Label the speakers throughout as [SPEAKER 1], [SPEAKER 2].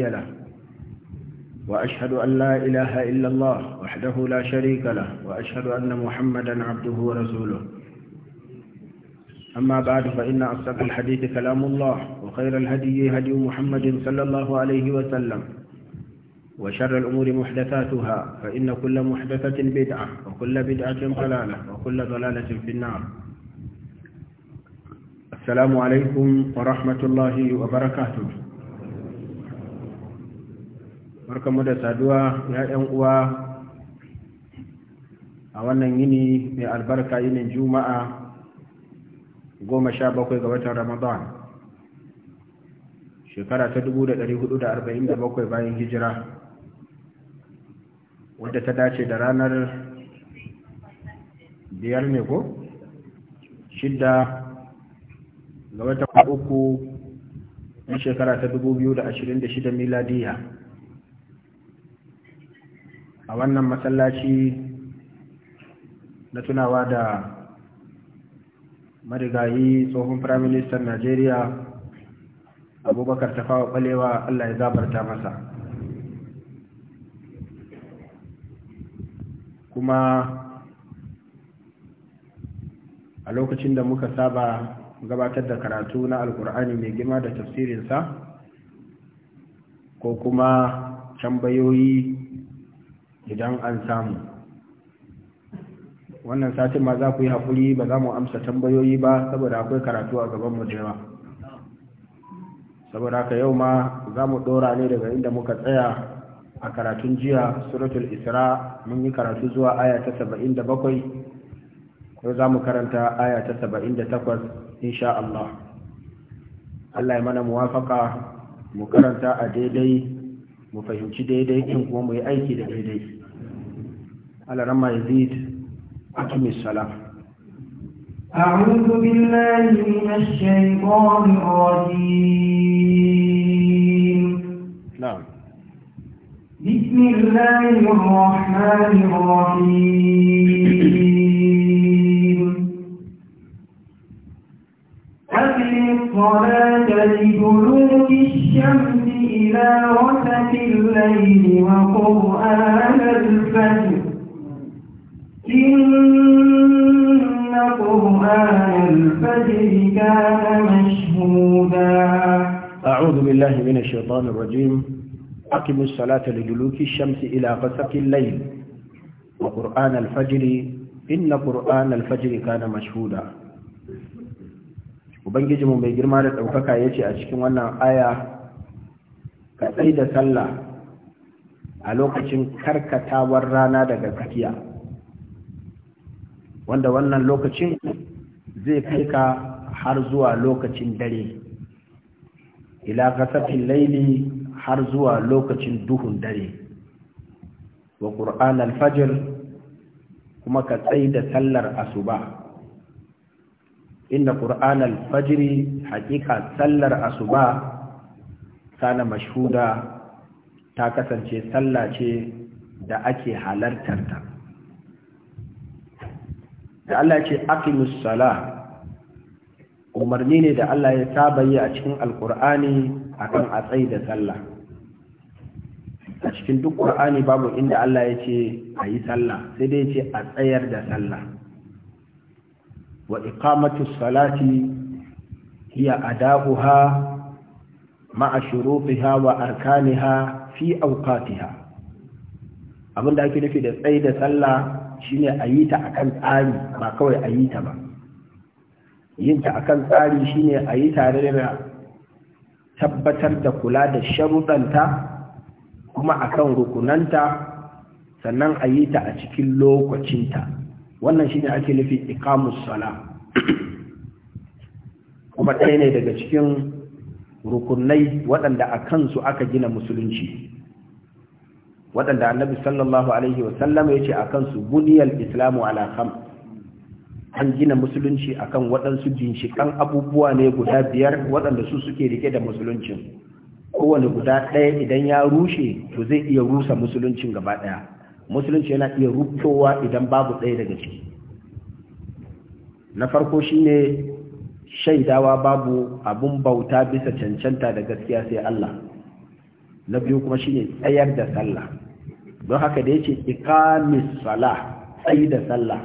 [SPEAKER 1] له وأشهد أن لا إله إلا الله وحده لا شريك له وأشهد أن محمدا عبده ورسوله أما بعد فإن أصدق الحديث كلام الله وخير الهدي هدي محمد صلى الله عليه وسلم وشر الأمور محدثاتها فإن كل محدثة بدعة وكل بدعة ضلالة وكل ضلالة في النار السلام عليكم ورحمة الله وبركاته barkamu da saduwa ya ɗan uwa a wannan yini mai albarka yinin juma'a goma sha bakwai ga watan ramadan shekara ta dubu da hudu da arba'in da bakwai bayan hijira wadda ta dace da ranar biyar ne ko shidda ga watan uku na shekara ta dubu biyu da ashirin da shida miladiya a wannan masallaci na tunawa da marigayi tsohon firaministan najeriya abubakar tafawa balewa allah ya zabarta masa kuma a lokacin da muka saba gabatar da karatu na alkur'ani mai girma da tafsirinsa ko kuma tambayoyi idan an samu wannan satin ma za ku yi haƙuri ba za mu amsa tambayoyi ba saboda akwai karatu a gaban mu da yawa saboda haka yau ma za mu ɗora ne daga inda muka tsaya a karatun jiya suratul isra mun yi karatu zuwa aya ta saba'in da bakwai ko za mu karanta aya ta saba'in da takwas insha Allah Allah ya mana muwafaka mu karanta a daidai mu fahimci daidai din kuma mu yi aiki da daidai alarama yazid akimis salam أعوذ بالله من الشيطان الرجيم نعم بسم الله الرحمن الرحيم أقم الصلاة لدلوك الشمس إلى وسط الليل وقرآن الفجر إن قرآن الفجر كان مشهودا أعوذ بالله من الشيطان الرجيم أقم الصلاة لدلوك الشمس إلى غسق الليل وقرآن الفجر إن قرآن الفجر كان مشهودا Ubangijinmu mai girma da ɗaukaka ya ce a cikin wannan aya ka tsai da sallah a lokacin karkatawar rana daga tsakiya wanda wannan lokacin zai kai ka har zuwa lokacin dare ila kasafin laili har zuwa lokacin duhun dare wa ƙur'an alfajir kuma ka tsaye da sallar asuba inda ƙur'an alfajiri haƙiƙa sallar asuba kana mashhuda ta kasance sallah ce da ake halartar ta da Allah ce aqimus sala umarni ne da Allah ya saba yi a cikin alkur'ani akan a tsayi da sallah a cikin duk qur'ani babu inda Allah ya ce a yi sallah sai dai ya ce a tsayar da sallah wa iqamatus salati hiya adabuha مع شروطها wa في fi abin da ake nufi da tsaye da sallah shine a yi ta akan tsari ba kawai a yi ba yin ta akan tsari shine a yi tare da tabbatar da kula da sharuɗanta kuma akan rukunanta sannan a yi ta a cikin lokacinta wannan shine ake nufi iqamus sala kuma ɗaya ne daga cikin rukunai waɗanda a kansu aka gina musulunci waɗanda annabi sallallahu alaihi wasallam ya ce a kansu buniyar islamu alakam an gina musulunci a kan waɗansu ginshiƙan abubuwa ne guda biyar waɗanda su suke rike da musuluncin kowane guda ɗaya idan ya rushe to zai iya rusa musuluncin gaba ɗaya musulunci yana iya ruftowa idan babu ɗaya daga ciki na farko shine shaidawa babu abun bauta bisa cancanta da gaskiya sai Allah na biyu kuma shine tsayar da sallah don haka da yace iqamis salah tsayi da sallah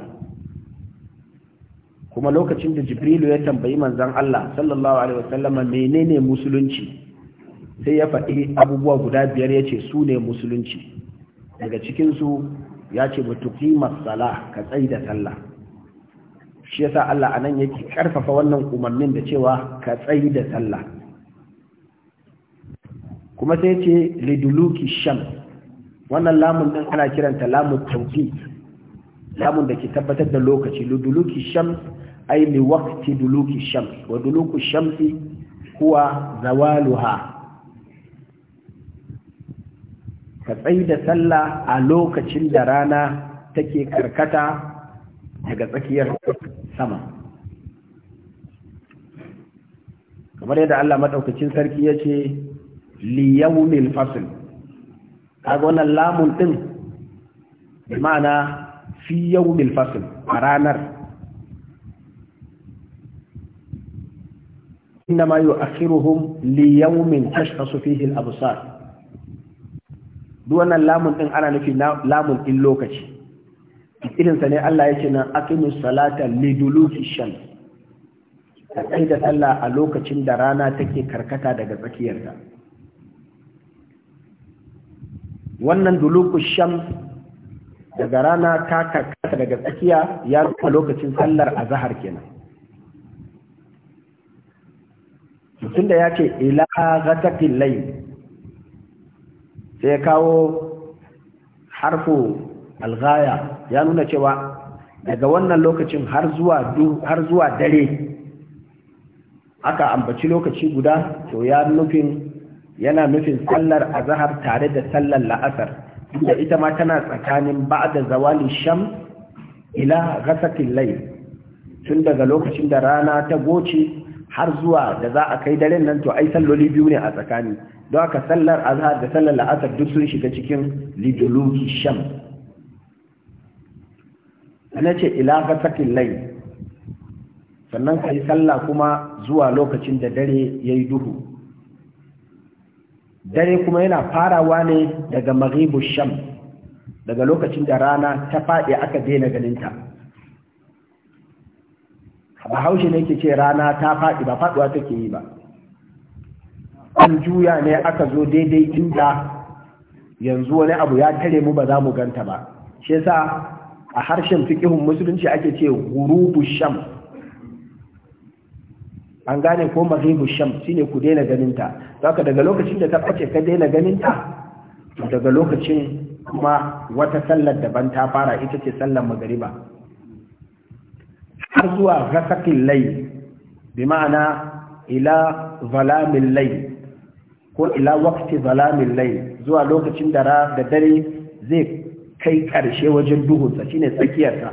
[SPEAKER 1] kuma lokacin da jibrilu ya tambayi manzon Allah sallallahu alaihi wasallama menene musulunci sai ya faɗi abubuwa guda biyar yace su ne musulunci daga cikin su yace ce mutuqimas salah ka tsayi da sallah shi yasa Allah anan yake karfafa wannan umarnin da cewa ka tsayi da sallah kuma sai ce liduluki sham wannan lamun din ana kiranta lamun lamun da ke tabbatar da lokaci liduluki sham ay li waqti duluki sham wa duluku shamsi huwa zawaluha ka tsayi da sallah a lokacin da rana take karkata daga tsakiyar sama kamar yadda Allah maɗaukacin sarki ya ce liyaunin fasil kaga wannan lamun ɗin da ma'ana fi yaunin fasil a ranar inda ma yi a kiruhun liyaunin tashka su fi hin abu sa duwannan lamun ɗin ana nufi lamun ɗin lokaci irinsa ne Allah ya ce nan aqimus salata liduluki shams ka tsaye da Allah a lokacin da rana take karkata daga tsakiyarta wannan Dulukushan shan daga rana ta karkata daga tsakiya ya zuwa lokacin sallar a kenan mutum da ya ce ila ghatakin layin sai ya kawo harfu algaya. ya nuna cewa daga wannan lokacin har zuwa dare aka ambaci lokaci guda to ya nufin yana nufin sallar azhar tare da sallar la'asar inda ita ma tana tsakanin ba'da zawali sham ila ghasaqil layl tun daga lokacin da rana ta goce har zuwa da za a kai daren nan to ai salloli biyu ne a tsakani don haka sallar azahar da sallar la'asar duk sun shiga cikin lidulu sham na ce ila gasakin lai sannan ka yi sallah kuma zuwa lokacin da dare ya yi duhu dare kuma yana farawa ne daga maghribu sham daga lokacin da rana ta faɗi aka daina ganinta bahaushe ne ke ce rana ta faɗi ba faɗuwa take yi ba an juya ne aka zo daidai inda yanzu wani abu ya tare mu ba za mu ganta ba shi yasa a harshen fikihun musulunci ake ce gurubu sham an gane ko maghibu sham shine ku daina ganinta zaka daga lokacin da ta ɓace ka daina ganinta daga lokacin kuma wata sallar daban ta fara ita ce sallar magariba har zuwa ghasaqil layl bi ma'ana ila zalamin layl ko ila waqti zalamin layl zuwa lokacin da dare zai kai ƙarshe wajen duhunsa shine tsakiyarsa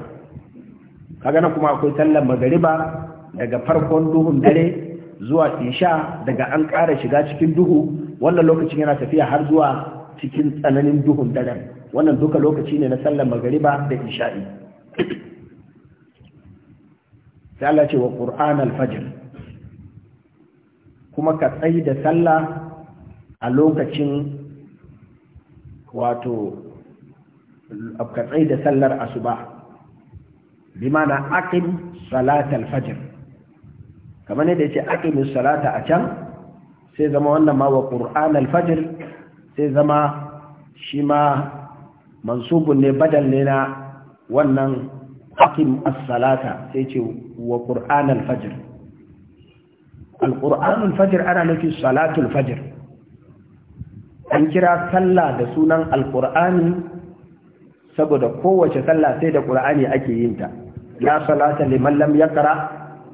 [SPEAKER 1] kaga nan kuma akwai sallar magariba daga farkon duhun dare zuwa isha daga an ƙara shiga cikin duhu wannan lokacin yana tafiya har zuwa cikin tsananin duhun dare wannan duka lokaci ne na sallar magariba da isha'i sai Allah ce wa al-fajr kuma ka tsayi da sallah a lokacin wato ka tsai da sallar asuba bi mana aqim salatal fajr kamar yadda yace aqim salata a can sai zama wannan ma wa qur'an al fajr sai zama shi ma mansubun ne badal ne na wannan aqim as-salata sai ce wa qur'an al fajr al qur'an al fajr ana nufi salatul fajr an kira sallah da sunan al qur'ani saboda kowace sallah sai da qur'ani ake yin ta la salata liman lam yaqra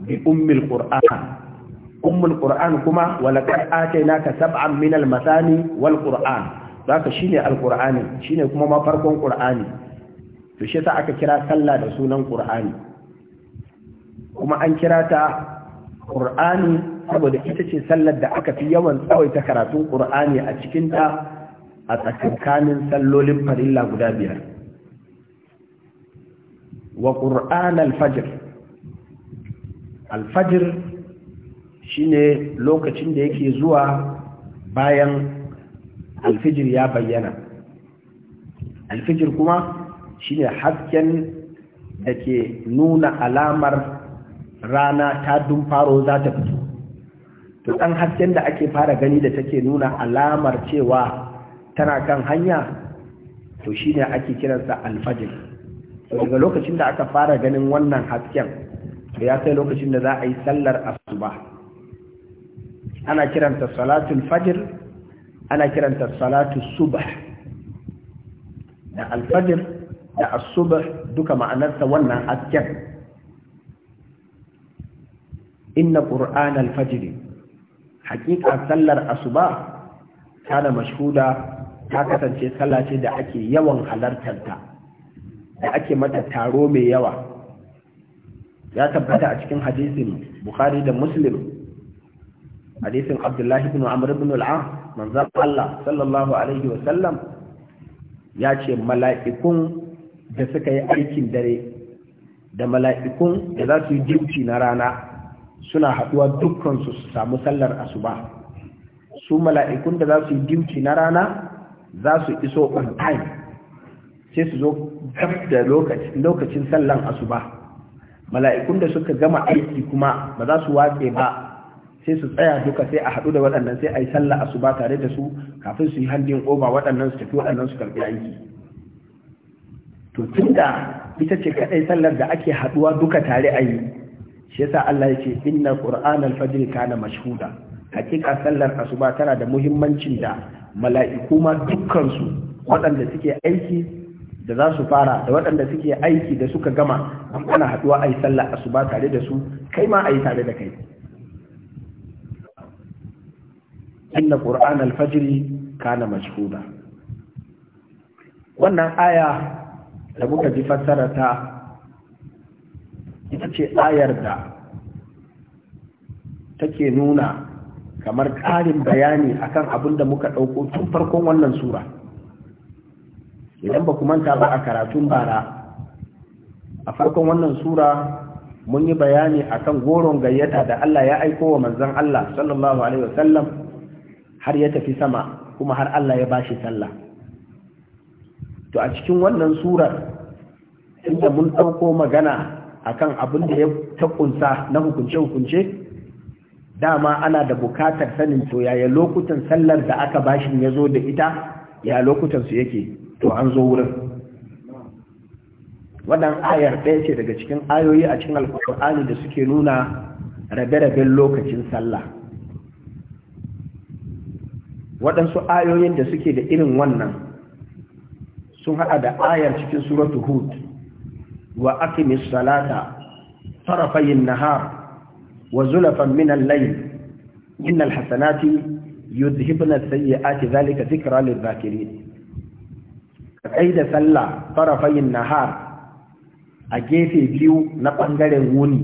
[SPEAKER 1] bi ummil qur'an kuma wala qad atainaka sab'an min al masani wal qur'an zaka shine al qur'ani shine kuma ma farkon qur'ani to shi aka kira sallah da sunan qur'ani kuma an kira ta qur'ani saboda ita ce sallar da aka fi yawan tsawaita karatun qur'ani a cikin ta a tsakankanin sallolin farilla guda biyar wa ƙur'an alfajir alfajir shine lokacin da yake zuwa bayan alfijir ya bayyana alfijir kuma shine hasken da ke nuna alamar rana ta faro za ta fito to ɗan hasken da ake fara gani da take nuna alamar cewa tana kan hanya to shine ake kiransa alfajir daga lokacin da aka fara ganin wannan hasken to ya sai lokacin da za a yi sallar asuba ana kiranta salatul fajr ana kiranta salatul subah da alfajr da asubah duka ma'anarsa wannan hasken inna qur'an alfajr haƙiƙa sallar asuba kana mashhuda ta kasance sallah da ake yawan halartarta da ake mata taro mai yawa ya tabbata a cikin hadisin bukhari da muslim hadisin abdullahi ibn amr ibn al'a manzan allah sallallahu alaihi wasallam ya ce mala'ikun da suka yi aikin dare da mala'ikun da za su yi duty na rana suna haɗuwa dukkansu su samu sallar asuba su mala'ikun da za su yi duty na rana za su iso on time sai su zo kaf da lokacin sallan asuba mala'ikun da suka gama aiki kuma ba za su watse ba sai su tsaya duka sai a haɗu da waɗannan sai a yi asuba tare da su kafin su yi handin oba waɗannan su tafi waɗannan su karɓi aiki to tun da ita ce kaɗai sallar da ake haɗuwa duka tare a yi shi yasa Allah ya ce inna qur'an al-fajr kana mashhuda hakika sallar asuba tana da muhimmancin da mala'iku ma dukkan su waɗanda suke aiki da za su fara da waɗanda suke aiki da suka gama an ana haɗuwa a yi sallah ba tare da su kai ma a yi tare da kai inna qur'an al-fajr kana mashhuda wannan aya da muka ji fassara ta ita ce ayar da take nuna kamar ƙarin bayani akan abin da muka ɗauko tun farkon wannan sura idan ba ku manta ba a karatun bara a farkon wannan sura mun yi bayani akan goron gayyata da Allah ya aiko wa manzon Allah sallallahu alaihi wasallam har ya tafi sama kuma har Allah ya bashi sallah to a cikin wannan surar inda mun ɗauko magana akan abin da ya takunsa na hukunce-hukunce dama ana da bukatar sanin to yaya lokutan sallar da aka bashin ya zo da ita ya lokutan su yake to an zo wurin wannan ayar ɗaya ce daga cikin ayoyi a cikin alƙur'ani da suke nuna rabe-raben lokacin sallah waɗansu ayoyin da suke da irin wannan sun haɗa da ayar cikin suratu hud wa aqimis salata tarafayin nahar wa zulafan minan al-layl innal hasanati yuzhibna as-sayyi'ati dhalika dhikra lil ka kai da sallah farafayin nahar a gefe biyu na ɓangaren wuni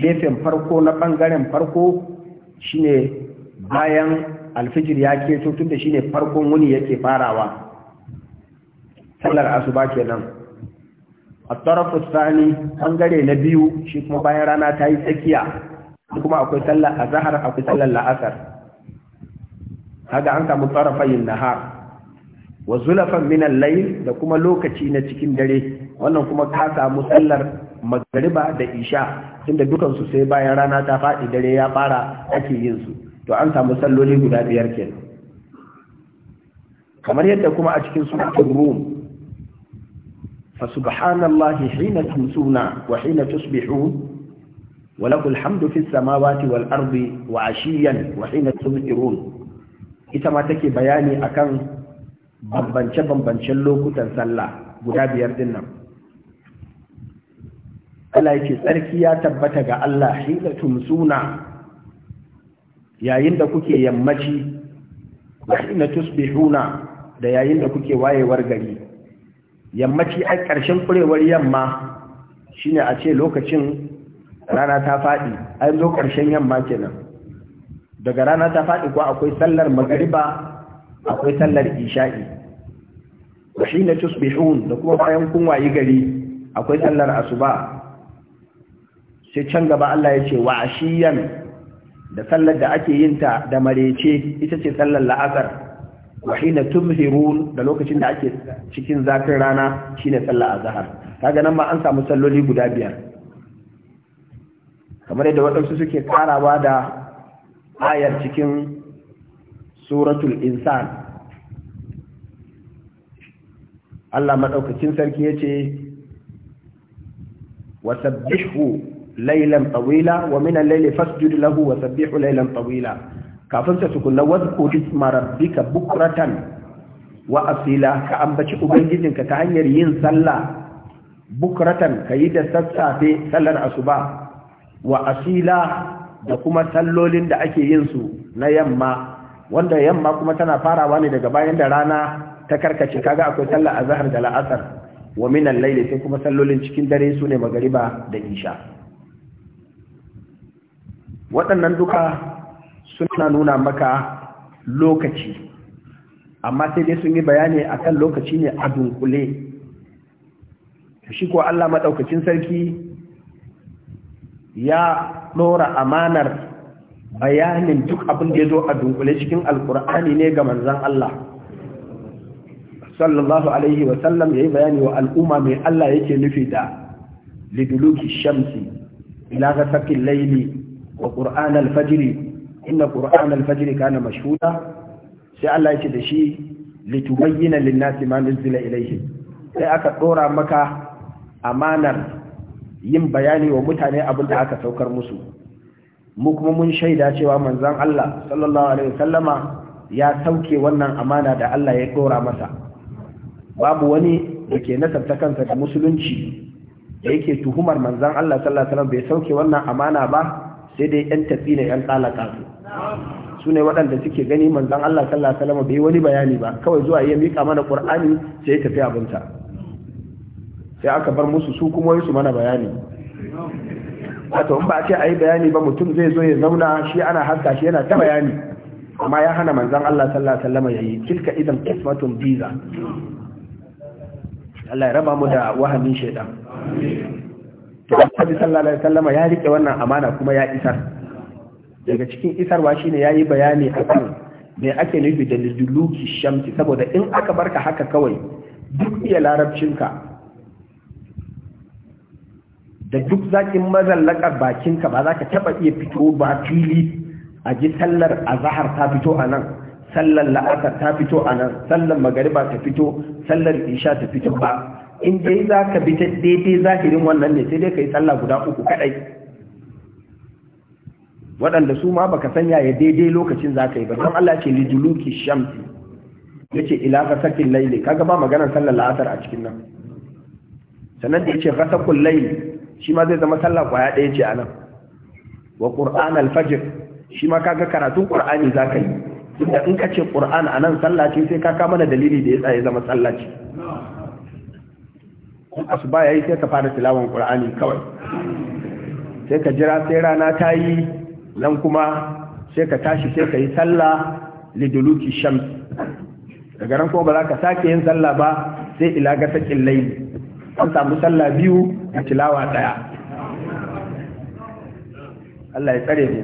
[SPEAKER 1] gefen farko na ɓangaren farko shine bayan alfijir ya keto tun shine farkon wuni yake farawa sallar asuba kenan a tarafu sani ɓangare na biyu shi kuma bayan rana ta yi tsakiya kuma akwai sallar azahar akwai sallar la'asar kaga an samu tsarafayin nahar wa zulafan min al-layl da kuma lokaci na cikin dare wannan kuma ka samu sallar magriba da isha tunda dukan su sai bayan rana ta faɗi dare ya fara ake yin su to an samu salloli guda biyar kenan kamar yadda kuma a cikin suratul rum fa subhanallahi hina tumsuna wa hina tusbihun wa lakul hamdu fis samawati wal ardi wa ashiyan wa hina ita ma take bayani akan bambance-bambancen lokutan sallah guda biyar din nan Allah yake tsarki ya tabbata ga Allah hina tumsuna yayin da kuke yammaci wa hina tusbihuna da yayin da kuke wayewar gari yammaci a ƙarshen kurewar yamma shine a ce lokacin rana ta faɗi a yanzu ƙarshen yamma kenan daga rana ta faɗi ko akwai sallar magariba akwai sallar isha'i wa hina tusbihun da kuma bayan kun wayi gari akwai sallar asuba sai can gaba Allah ya ce wa ashiyan da sallar da ake yin ta da marece ita ce sallar la'azar. wa hina tumhirun da lokacin da ake cikin zafin rana shine sallar azhar kaga nan ma an samu salloli guda biyar kamar yadda waɗansu suke karawa da ayar cikin suratul insan Allah madaukakin sarki yace ce wasabbihu laylan tawila wa al-layli fasjud lahu wasabbihu laylan tawila kafin ta tukunna wadhkur isma rabbika bukratan wa asila ka ambaci ubangijinka ta hanyar yin sallah bukratan kayi da sassafe sallar asuba wa asila da kuma sallolin da ake yin su na yamma wanda yamma kuma tana farawa ne daga bayan da rana ta karkace kaga akwai sallar azhar da la'asar wa min al-layl sai kuma sallolin cikin dare su ne magariba da isha waɗannan duka suna nuna maka lokaci amma sai dai sun yi bayani akan lokaci ne a dunkule shi ko Allah madaukakin sarki ya dora amanar bayanin duk abin da ya zo a dunkule cikin alkur'ani ne ga manzan Allah sallallahu alaihi wasallam ya yi bayani wa al'umma mai Allah yake nufi da liduluki shamsi ila ga sakin laili wa ƙur'an alfajiri inda ƙur'an alfajiri kana mashuda sai Allah ce da shi litubayyana linnasi ma nuzila ilaihi sai aka ɗora maka amanar yin bayani wa mutane abin da aka saukar musu mu kuma mun shaida cewa manzon Allah sallallahu alaihi wasallama ya sauke wannan amana da Allah ya dora masa babu wani da ke nasabta kansa da musulunci da yake tuhumar manzon Allah sallallahu alaihi wasallam bai sauke wannan amana ba sai dai yan tafi ne yan tsalaka su ne waɗanda suke gani manzon Allah sallallahu alaihi wasallama bai wani bayani ba kawai zuwa ya mika mana Qur'ani sai ya tafi abinta sai aka bar musu su kuma yi su mana bayani wato in ba a ce a yi bayani ba mutum zai zo ya zauna shi ana haska shi yana ta bayani amma ya hana manzan Allah sallallahu alaihi wasallam yayi tilka idan qismatun biza Allah ya raba mu da wahamin shaidan to Annabi sallallahu alaihi wasallam ya rike wannan amana kuma ya isar daga cikin isarwa shine yayi bayani a akan me ake nufi da liluki shamsi saboda in aka barka haka kawai duk iya larabcinka da duk zaƙin mazallakar bakinka ba za ka taɓa iya fito ba fili a ji sallar azahar ta fito a nan sallar la'asar ta fito a nan sallar magariba ta fito sallar isha ta fito ba in dai za ka bi ta daidai zahirin wannan ne sai dai ka yi sallah guda uku kaɗai waɗanda su ma ba ka sanya ya daidai lokacin za ka yi ba don Allah ce liduluki shamsi ya ce ila fasakin laili kaga ba maganar sallar la'asar a cikin nan sannan da ya ce fasakun laili shi ma zai zama sallah kwaya ɗaya ce a nan wa ƙur'an alfajir shi ma kaga karatun ƙur'ani za ka yi inda in ka ce ƙur'an a nan sallah ce sai ka kama da dalili da ya tsaye ya zama sallah ce asuba ya yi sai ka fara tilawan ƙur'ani kawai sai ka jira sai rana ta yi nan kuma sai ka tashi sai ka yi sallah liduluki shams daga ran kuma ba za ka sake yin sallah ba sai ila ga sakin laili an samu sallah biyu da tilawa ɗaya Allah ya tsare mu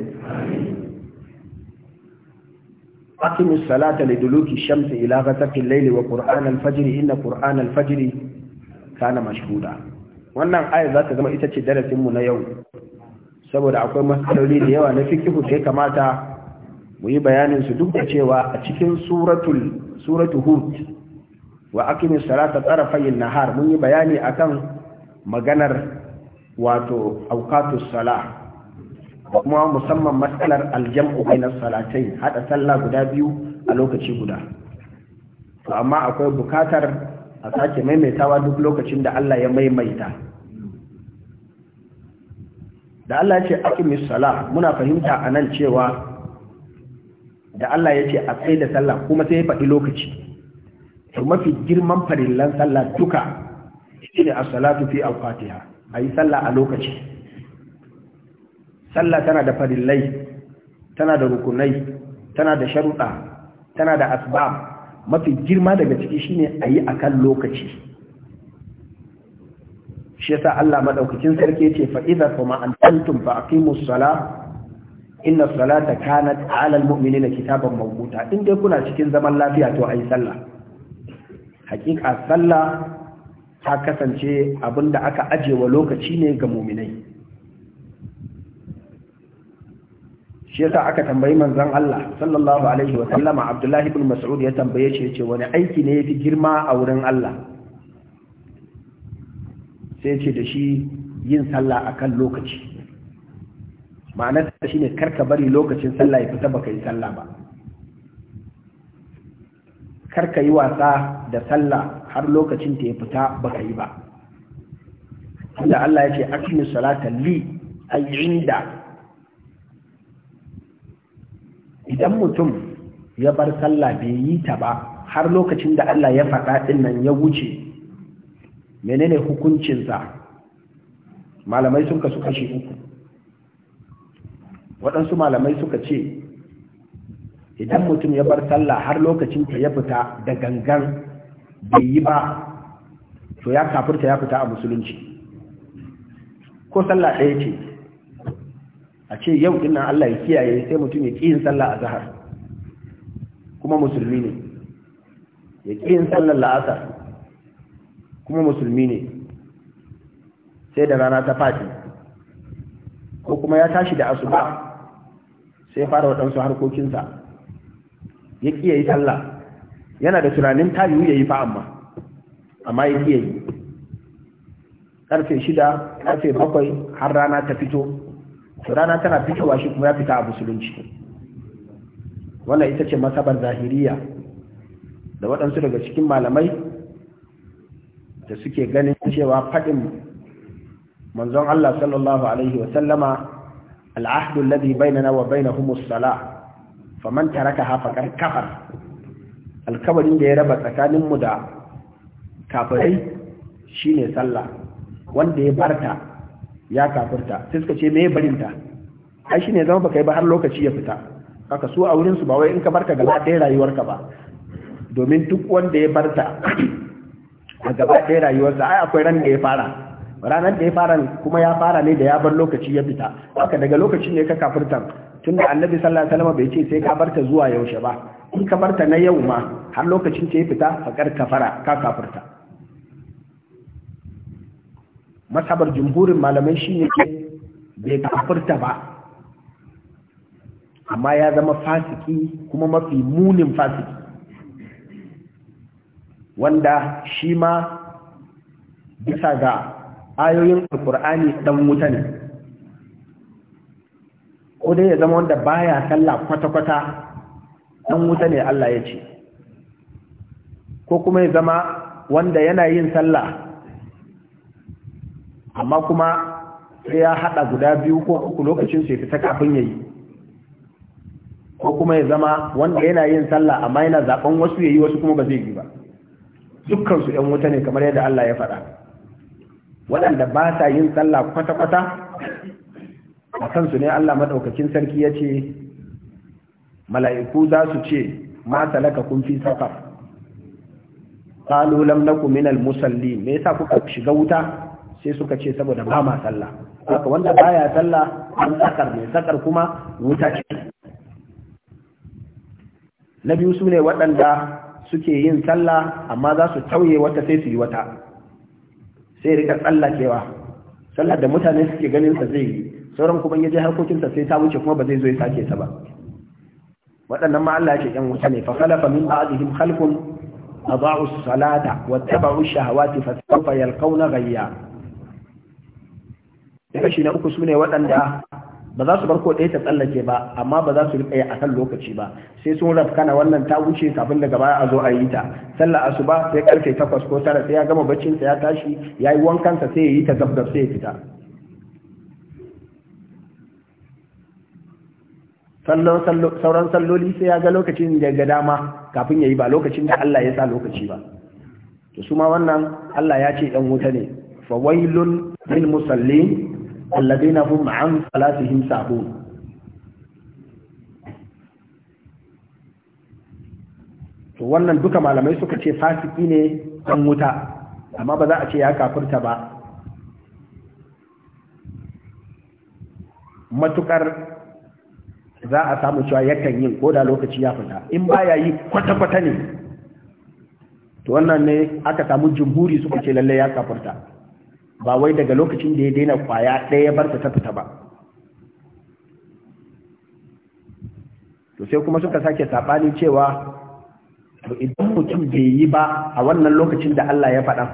[SPEAKER 1] أقم الصلاة لدلوك الشمس إلى غسق الليل وقرآن الفجر Inna قرآن الفجر كان مشهودا wannan ayar za ta zama ita ce darasinmu na yau saboda akwai matsaloli da yawa na fikihu da ya kamata mu yi bayanin su duk da cewa a cikin suratul suratu hud wa akimi salata tsarafayin nahar mun yi bayani akan maganar wato Aukatus salah kuma musamman matsalar aljam'u bainas salatai hada sallah guda biyu a lokaci guda to amma akwai bukatar a sake maimaitawa duk lokacin da Allah ya maimaita da Allah ya ce salah muna fahimta anan cewa da Allah ya ce a tsaye da sallah kuma sai ya faɗi lokaci mafi girman farillan sallah duka shi ne as-salatu fi a yi sallah a lokaci sallah tana da farillai tana da rukunai tana da sharuɗa tana da asbab mafi girma daga ciki shine ayi akan lokaci shi yasa Allah maɗaukacin sarki yace fa idza kuma antum fa aqimus salah inna salata kanat ala almu'minina kitaban mawquta in dai kuna cikin zaman lafiya to a yi sallah hakika sallah ta kasance abin da aka ajewa lokaci ne ga muminai shi yasa aka tambayi manzon Allah sallallahu alaihi wa sallama Abdullah ibn Mas'ud ya tambaye shi yace wani aiki ne yafi girma a wurin Allah sai yace da shi yin sallah akan lokaci ma'anar ta shine karka bari lokacin sallah ya fita baka yi sallah ba kar ka yi wasa da sallah har lokacin ta ya fita baka yi ba inda Allah ya ce akimi salata li ay inda idan mutum ya bar sallah bai yi ta ba har lokacin da Allah ya faɗa ɗin nan ya wuce menene hukuncinsa malamai sun kasu kashi uku waɗansu malamai suka ce idan mutum ya bar sallah har lokacin ta ya fita da gangan bai yi ba to ya kafirta ya fita a musulunci ko sallah ɗaya ce a ce yau dinnan Allah ya kiyaye sai mutum ya ƙiyin sallah a zahar kuma musulmi ne ya ƙiyin sallah la'asar kuma musulmi ne sai da rana ta fati ko kuma ya tashi da asuba sai fara waɗansu harkokinsa ya ƙi yi sallah yana da tunanin ta ya yi fa amma amma ya ƙi karfe shida karfe bakwai har rana ta fito su rana tana fitowa shi kuma ya fita a musulunci wannan ita ce masabar zahiriya da waɗansu daga cikin malamai da suke ganin cewa faɗin manzon Allah sallallahu alaihi wa sallama al'ahdu alladhi bainana wa bainahum faman taraka hafakar kafar alkawarin da ya raba tsakaninmu da kafirai shine sallah wanda ya barta ya kafirta sai suka ce me barinta ai shine zama baka yi ba har lokaci ya fita haka su a wurin su ba wai in ka barka gaba ɗaya rayuwarka ba domin duk wanda ya barta a gaba ɗaya rayuwarsa ai akwai ran da ya fara ranar da ya fara kuma ya fara ne da ya bar lokaci ya fita haka daga lokacin ne ka kafirta tunda annabi sallallahu alaihi wasallam bai ce sai ka barta zuwa yaushe ba in ka barta na yau ma har lokacin ce ya fita fakar kafara ka kafirta masabar jumhurin malamai shi ne bai kafurta ba amma ya zama fasiki kuma mafi munin fasiki wanda shi ma bisa ga ayoyin alkur'ani dan wuta ne ko dai ya zama wanda baya sallah kwata-kwata dan wuta ne Allah ya ce ko kuma ya zama wanda yana yin sallah amma kuma sai ya hada guda biyu ko uku lokacin sai fita kafin yayi ko kuma ya zama wanda yana yin sallah amma yana zaben wasu yayi wasu kuma ba zai yi ba dukkan su ɗan wuta ne kamar yadda Allah ya faɗa waɗanda ba sa yin sallah kwata-kwata a kansu ne Allah maɗaukakin sarki ya ce mala'iku za su ce ma salaka kun fi safar qalu lam nakum minal musalli. me yasa kuka shiga wuta sai suka ce saboda ba ma sallah haka wanda baya sallah an sakar mai sakar kuma wuta ce na biyu su ne waɗanda suke yin sallah amma za su tauye wata sai su yi wata sai rika tsallakewa Sallah da mutane suke ganin sa zai yi sauran kuma ya je harkokinsa sai ta wuce kuma ba zai zo ya sake ta ba waɗannan ma Allah ya ce ƴan wuta ne fa khalafa min ba'dihim khalqun adaa'u as-salata wattaba'u ash-shahawati fa sawfa yalqawna ghayya shi na uku sune waɗanda ba za su bar ko ɗaya ta tsallake ba amma ba za su riƙa yi a kan lokaci ba sai sun rafkana wannan ta wuce kafin daga baya a zo a yi ta sallah asuba sai karfe takwas ko tara sai ya gama baccinsa ya tashi ya yi wankansa sai ya yi ta zabdab sai ya fita sauran salloli sai ya ga lokacin da ga dama kafin ya yi ba lokacin da Allah ya sa lokaci ba to su ma wannan Allah ya ce ɗan wuta ne fa musalli, lil musallin na hun ma'an salatihim sahun to wannan duka malamai suka ce fasiki ne ɗan wuta amma ba za a ce ya kafirta ba Matuƙar. za a samu cewa yakan yin ko da lokaci ya fita in baya yi kwata-kwata ne to wannan ne aka samu jumhuri suka ce lalle ya kafarta ba wai daga lokacin da ya daina kwaya ɗaya ya barta ta fita ba to sai kuma suka sake saɓani cewa to idan mutum bai yi ba a wannan lokacin da Allah ya faɗa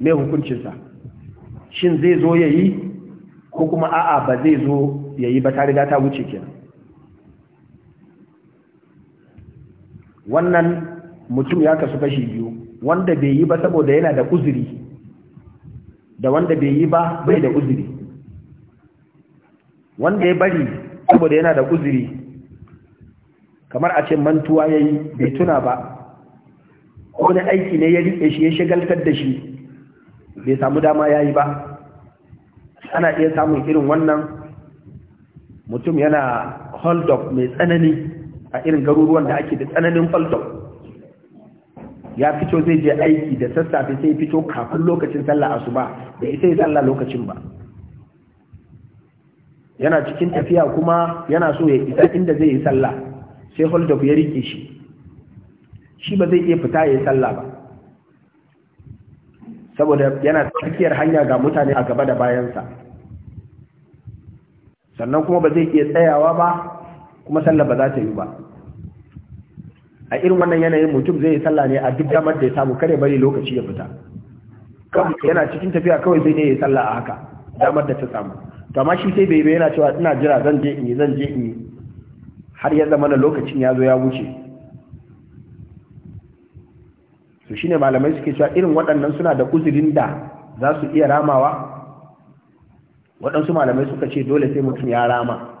[SPEAKER 1] mai hukuncinsa shin zai zo ya yi ko kuma a'a ba zai zo ya yi ba ta riga ta wuce kenan wannan mutum ya kasu kashi biyu wanda bai yi ba saboda yana da uzuri da wanda bai yi ba bai da uzuri wanda ya bari saboda yana da uzuri kamar a ce mantuwa ya yi bai tuna ba wani aiki ne ya riƙe shi ya shagaltar da shi bai samu dama ya yi ba ana iya samun irin wannan mutum yana hold up mai tsanani a irin garuruwan da ake da tsananin falto ya fito zai je aiki da sassafe sai fito kafin lokacin sallah asuba da isa yi sallah lokacin ba yana cikin tafiya kuma yana so ya isa inda zai yi sallah sai ku ya rike shi shi ba zai iya fita ya yi sallah ba saboda yana tsakiyar hanya ga mutane a gaba da bayansa sannan kuma ba zai iya tsayawa ba kuma sallah ba za ta yi ba a irin wannan yanayin mutum zai yi sallah ne a duk damar da ya samu kare bari lokaci ya fita yana cikin tafiya kawai zai ne ya yi sallah a haka damar da ta samu to amma shi sai bai bai yana cewa ina jira zan je in yi zan je in yi har ya zama da lokacin ya zo ya wuce su shine malamai suke cewa irin waɗannan suna da uzurin da za su iya ramawa waɗansu malamai suka ce dole sai mutum ya rama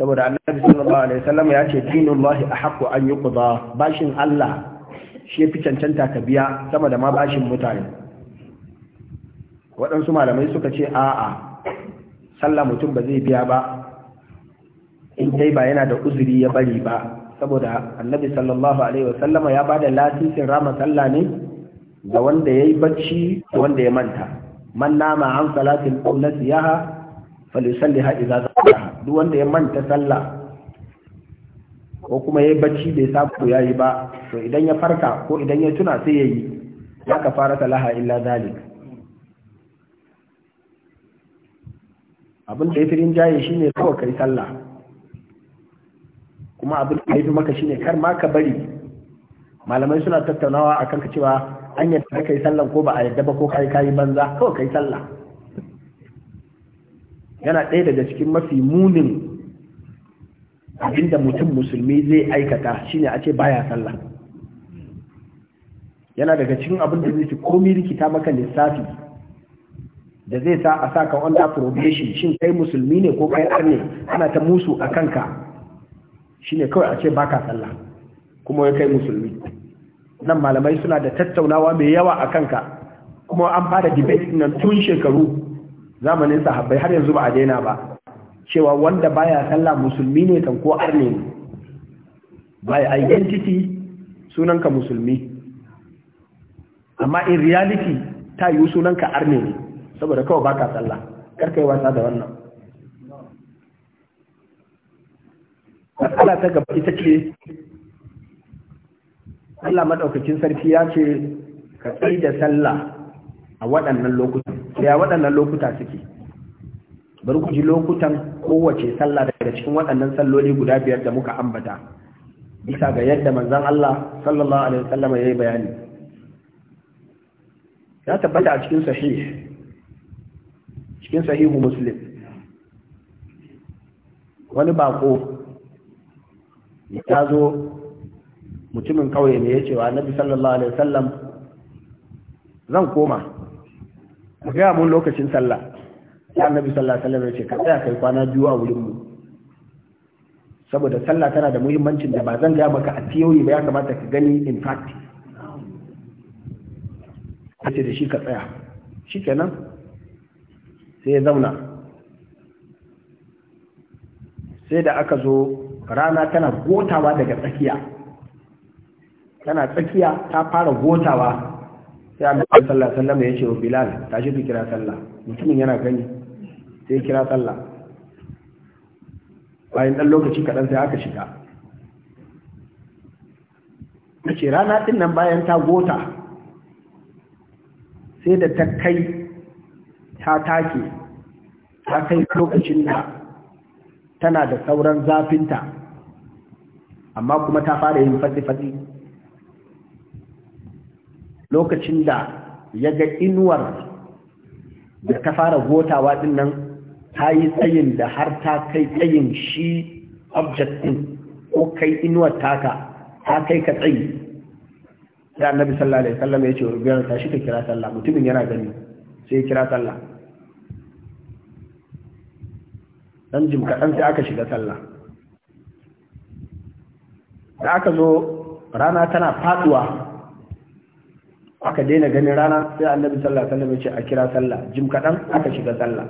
[SPEAKER 1] saboda annabi sallallahu alaihi wasallam ya ce dinullahi ahqqu an yuqda bashin Allah shi fi cancanta ka biya sama da ma bashin mutane waɗansu malamai suka ce a'a sallah mutum ba zai biya ba in dai ba yana da uzuri ya bari ba saboda annabi sallallahu alaihi wasallam ya bada lasisin rama sallah ne ga wanda yayi bacci da wanda ya manta man nama an salatin qawlati yaha falyusalliha idza duk wanda ya manta sallah ko kuma ya bacci bai samu ya yi ba to idan ya farka ko idan ya tuna sai ya yi ya ka fara salaha illa zalik abin da ya fi shine kawai kai sallah kuma abin da ya fi maka shine kar ma ka bari malamai suna tattaunawa akan ka cewa an yadda kai sallan ko ba a yadda ba ko kai kayi banza kawai kai sallah yana ɗaya daga cikin mafi munin abinda mutum musulmi zai aikata shine a ce baya sallah yana daga cikin abin da zai ci komi rikita maka lissafi da zai sa a saka wanda probation shin kai musulmi ne ko kai ne? ana ta musu a kanka shine kawai a ce baka sallah kuma ya kai musulmi nan malamai suna da tattaunawa mai yawa a kanka kuma an fara debate nan tun shekaru zamanin sahabbai har yanzu ba a daina ba cewa wanda baya sallah musulmi ne kan ko arne ne by identity sunanka musulmi amma in reality ta yi sunanka arne ne saboda kawai baka sallah karkai wasa da wannan Allah ta gaba ita ce Allah madaukakin sarki ya ce ka tsaye da sallah a waɗannan lokutan ya waɗannan lokuta suke bari ku ji lokutan kowace sallah daga cikin waɗannan salloli guda biyar da muka ambata bisa ga yadda manzan Allah sallallahu alaihi wasallam yayi bayani ya tabbata a cikin sahih cikin sahihu muslim wani bako ya zo mutumin kawai ne ya cewa wa annabi sallallahu alaihi wasallam zan koma ka gaya mun lokacin sallah ya annabi sallallahu alaihi wasallam ya ce ka tsaya kai kwana biyu a wurin mu saboda sallah tana da muhimmancin da ba zan ga maka a theory ba ya kamata ka gani in fact ce da shi ka tsaya shi kenan sai ya zauna sai da aka zo rana tana gotawa daga tsakiya tana tsakiya ta fara gotawa sai a bi sallah sallama ya ce wa bilal tashi fi kira sallah mutumin yana gani sai ya kira sallah bayan dan lokaci kaɗan sai aka shiga a ce rana ɗin nan bayan ta gota sai da ta kai ta take ta kai lokacin da tana da sauran zafinta amma kuma ta fara yin fadi-fadi lokacin da ya ga inuwar da ta fara gotawa din nan ta yi tsayin da har ta kai tsayin shi object din ko kai inuwar taka ta kai ka tsayi sai annabi sallallahu alaihi wasallam ya ce wa rubiyar ta shi ta kira sallah mutumin yana gani sai ya kira sallah dan jim kaɗan sai aka shiga sallah da aka zo rana tana faduwa aka daina ganin rana sai annabi sallallahu alaihi wasallam ya ce a kira sallah jim kadan aka shiga sallah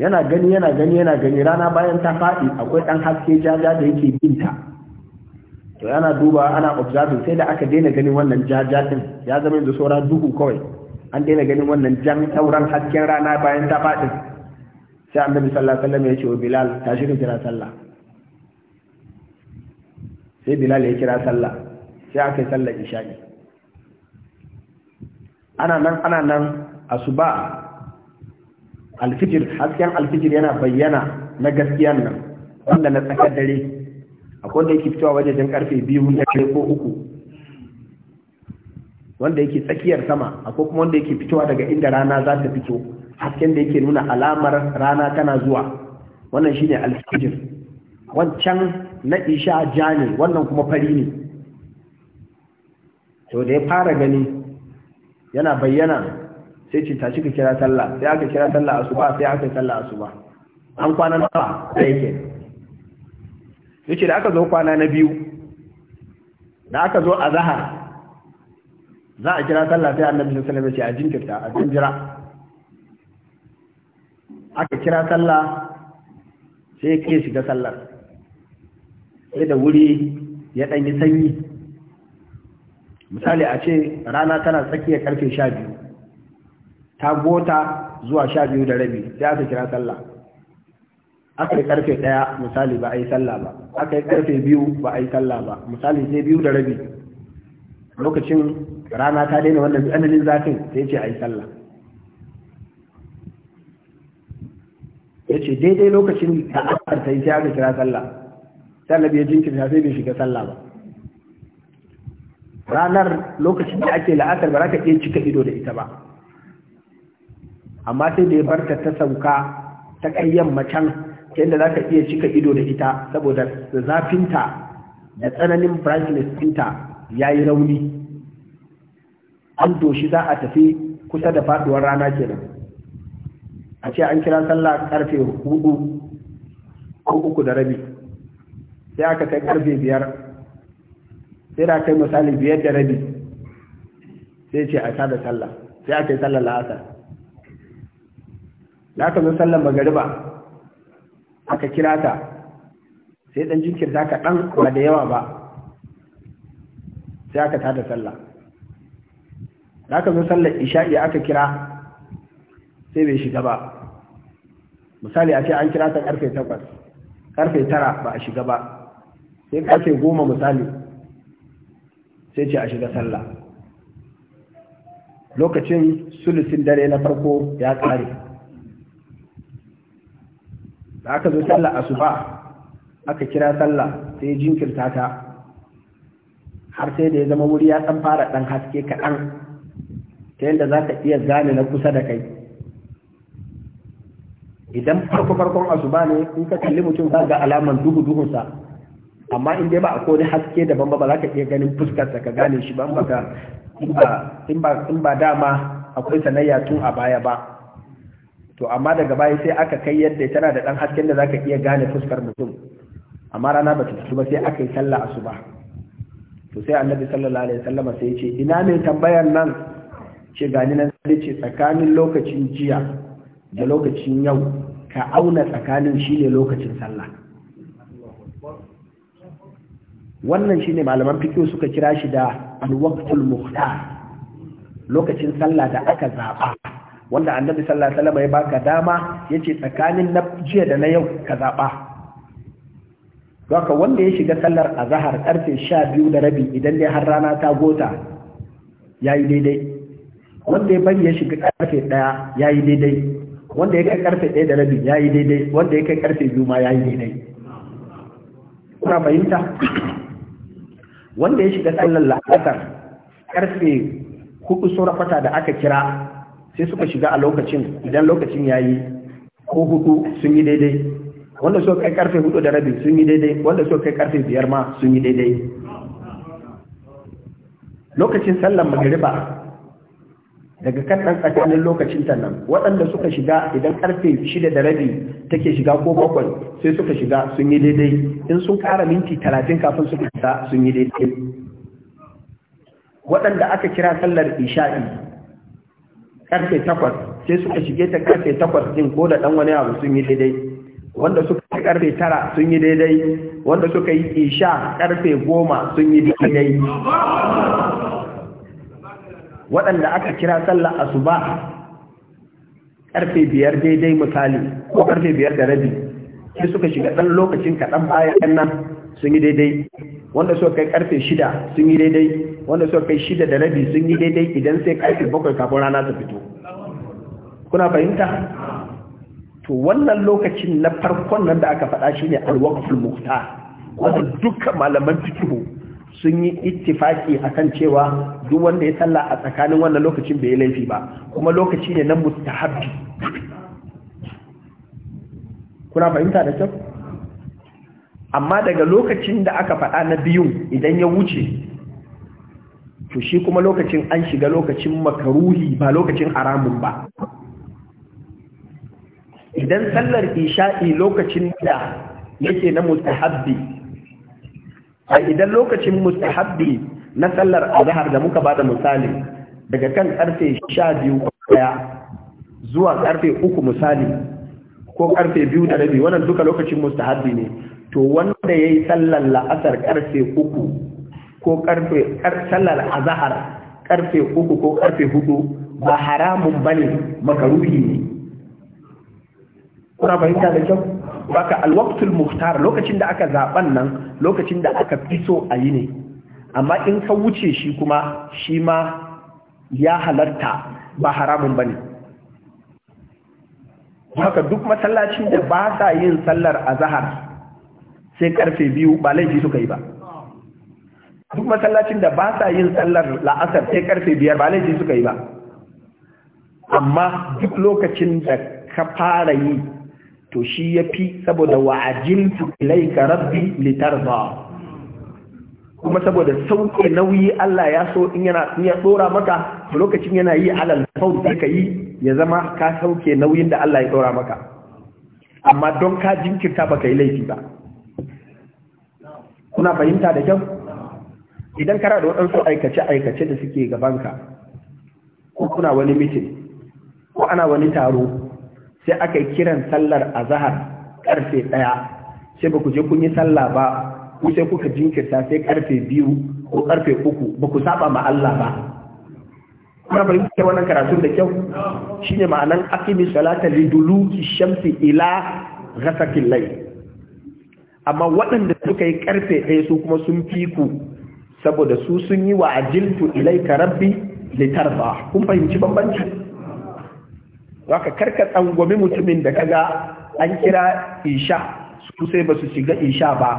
[SPEAKER 1] yana gani yana gani yana gani rana bayan ta faɗi akwai ɗan haske jaja da yake binta to yana duba ana observing sai da aka daina ganin wannan jaja ɗin ya zama da saura duhu kawai an daina ganin wannan jan sauran hasken rana bayan ta faɗi sai annabi sallallahu alaihi wasallam ya ce wa bilal tashi kira sallah sai bilal ya kira sallah sai aka yi sallar isha'i ana nan ana nan asuba alfijir hasken alfijir yana bayyana na gaskiyan nan wanda na tsakar dare akwai wanda yake fitowa wajejen karfe biyu na dare ko uku wanda yake tsakiyar sama akwai kuma wanda yake fitowa daga inda rana za ta fito hasken da yake nuna alamar rana tana zuwa wannan shine alfijir wancan na isha jani wannan kuma fari ne to da ya fara gani yana bayyana sai ce tashi ka kira sallah sai aka kira sallah asuba sai aka sallah asuba an kwana nawa sai yake yake da aka zo kwana na biyu da aka zo a zahar za a kira sallah sai annabi sallallahu alaihi wasallam ya ce a jinkirta a jinjira aka kira sallah sai ya kai shiga sallar sai da wuri ya ɗanyi sanyi misali a ce rana tana tsakiyar karfe sha biyu ta gota zuwa sha biyu da rabi sai aka kira sallah aka yi karfe ɗaya misali ba a yi sallah ba aka yi karfe biyu ba a yi sallah ba misali sai biyu da rabi lokacin rana ta daina wannan tsananin zafin sai ce a yi sallah ya ce daidai lokacin da aka yi sai aka kira sallah sallah bai jinkirta sai bai shiga sallah ba ranar lokacin da ake la'asar ba za ka iya cika ido da ita ba amma sai da ya barta ta sauka ta kai yammacin yadda za ka iya cika ido da ita saboda zafinta da tsananin brightness ɗinta ya yi rauni an doshi za a tafi kusa da faduwar rana kenan a ce an kira sallah karfe hudu ko uku da rabi sai aka kai karfe biyar sai da kai misali biyar da rabi sai ce a tada sallah sai a yi sallar la'asar Na aka zo sallar magariba aka kira ta sai dan jinkirta ka dan ba da yawa ba sai aka tada sallah Na aka zo sallar isha'i aka kira sai bai shiga ba misali a ce an kira ta karfe takwas karfe tara ba a shiga ba sai karfe goma misali sai ce a shiga sallah lokacin sulusin dare na farko ya tsare. da aka zo sallah asuba aka kira sallah sai jinkirta ta har sai da ya zama wuri ya ɗan fara ɗan haske kaɗan ta yadda za ka iya gane na kusa da kai idan farko farkon asuba ne in ka kalli mutum za ga alaman duhu duhunsa amma in dai ba a kone haske daban ba ba za ka iya ganin fuskar ka gane shi ba in ba dama akwai sanayya tun a baya ba to amma daga baya sai aka kai yadda tana da ɗan hasken da za ka iya gane fuskar mutum amma rana ba ta fito ba sai aka yi sallah asuba to sai annabi sallallahu alaihi wasallam sai ya ce ina ne tambayar nan ce gani nan sai ce tsakanin lokacin jiya da lokacin yau ka auna tsakanin shine lokacin sallah wannan shine malaman fiqh suka kira shi da al-waqtul muhtar lokacin sallah da aka zaba wanda annabi sallallahu alaihi wasallam ya baka dama yace tsakanin na jiya da na yau ka zaba doka wanda ya shiga sallar azhar karfe 12 da rabi idan dai har rana ta gota yayi daidai wanda ya bari ya shiga karfe 1 yayi daidai wanda ya kai karfe 1 da rabi yayi daidai wanda ya kai karfe 2 ma yayi daidai kuna fahimta wanda ya shiga sallar la'asar karfe hudu saurafata da aka kira sai suka shiga a lokacin idan lokacin ya yi ko hudu sun yi daidai wanda suka kai karfe hudu da rabi sun yi daidai wanda suka kai karfe biyar ma sun yi daidai lokacin sallar magariba daga kan ɗan tsakanin lokacin ta nan waɗanda suka shiga idan ƙarfe shida da rabi take shiga ko bakwai sai suka shiga sun yi daidai in sun ƙara minti talatin kafin suka shiga sun yi daidai waɗanda aka kira sallar isha'i ƙarfe takwas sai suka shige ta ƙarfe takwas ɗin ko da ɗan wani abu sun yi daidai wanda suka yi ƙarfe tara sun yi daidai wanda suka yi isha ƙarfe goma sun yi daidai waɗanda aka kira sallar asuba ƙarfe biyar daidai misali ko ƙarfe biyar da rabi sai suka shiga ɗan lokacin kaɗan bayan nan sun yi daidai wanda suka kai ƙarfe shida sun yi daidai wanda suka kai shida da rabi sun yi daidai idan sai ƙarfe bakwai kafin rana ta fito kuna fahimta to wannan lokacin na farkon nan da aka faɗa shi ne alwakful muhtar wanda dukkan malaman fikihu sun yi ittifaki kan cewa duk wanda ya sallah a tsakanin wannan lokacin bai laifi ba kuma lokaci ne na mustahabbi kuna fahimta da kyau amma daga lokacin da aka faɗa na biyun idan ya wuce to shi kuma lokacin an shiga lokacin makaruhi ba lokacin haramun ba idan sallar isha'i lokacin da yake na mustahabbi a idan lokacin mustahabbi na sallar azhar da muka bada misali daga kan karfe 12:00 zuwa karfe 3:00 misali ko karfe 2 da rabi wannan duka lokacin mustahabbi ne to wanda yayi sallar la'asar karfe 3:00 ko karfe sallar azhar karfe 3:00 ko karfe 4:00 ba haramun bane makaruhi ne kuna fahimta da kyau baka alwaktul muhtar lokacin da aka zaben nan lokacin da aka fito a yi ne amma in ka wuce shi kuma shi ma ya halarta ba haramun bane haka duk masallacin da ba sa yin sallar azhar sai karfe biyu ba laifi suka yi ba duk masallacin da ba sa yin sallar la'asar sai karfe biyar ba laifi suka yi ba amma duk lokacin da ka fara yi to shi ya fi saboda wa'ajintu ilayka rabbi litarda kuma saboda sauke nauyi Allah ya so in yana ya dora maka to lokacin yana yi alal fawd sai ka yi ya zama ka sauke nauyin da Allah ya dora maka amma don ka jinkirta baka yi laifi ba kuna fahimta da kyau idan kana da waɗansu aikace-aikace da suke gabanka ko kuna wani mitin ko ana wani taro sai aka yi kiran sallar azahar karfe ɗaya sai ba ku je kun yi sallah ba ku sai kuka jinkirta sai karfe biyu ko karfe uku ba ku saba ma Allah ba kuma fahimta wannan karatun da kyau shine ma'anan aqimi salata liduluki shamsi ila ghasaqil layl amma waɗanda suka yi karfe ɗaya su kuma sun fi ku saboda su sun yi wa ajiltu ilaika rabbi litarfa kun fahimci bambanci Waka karka tsangwami mutumin da kaga an kira isha su sai ba su shiga isha ba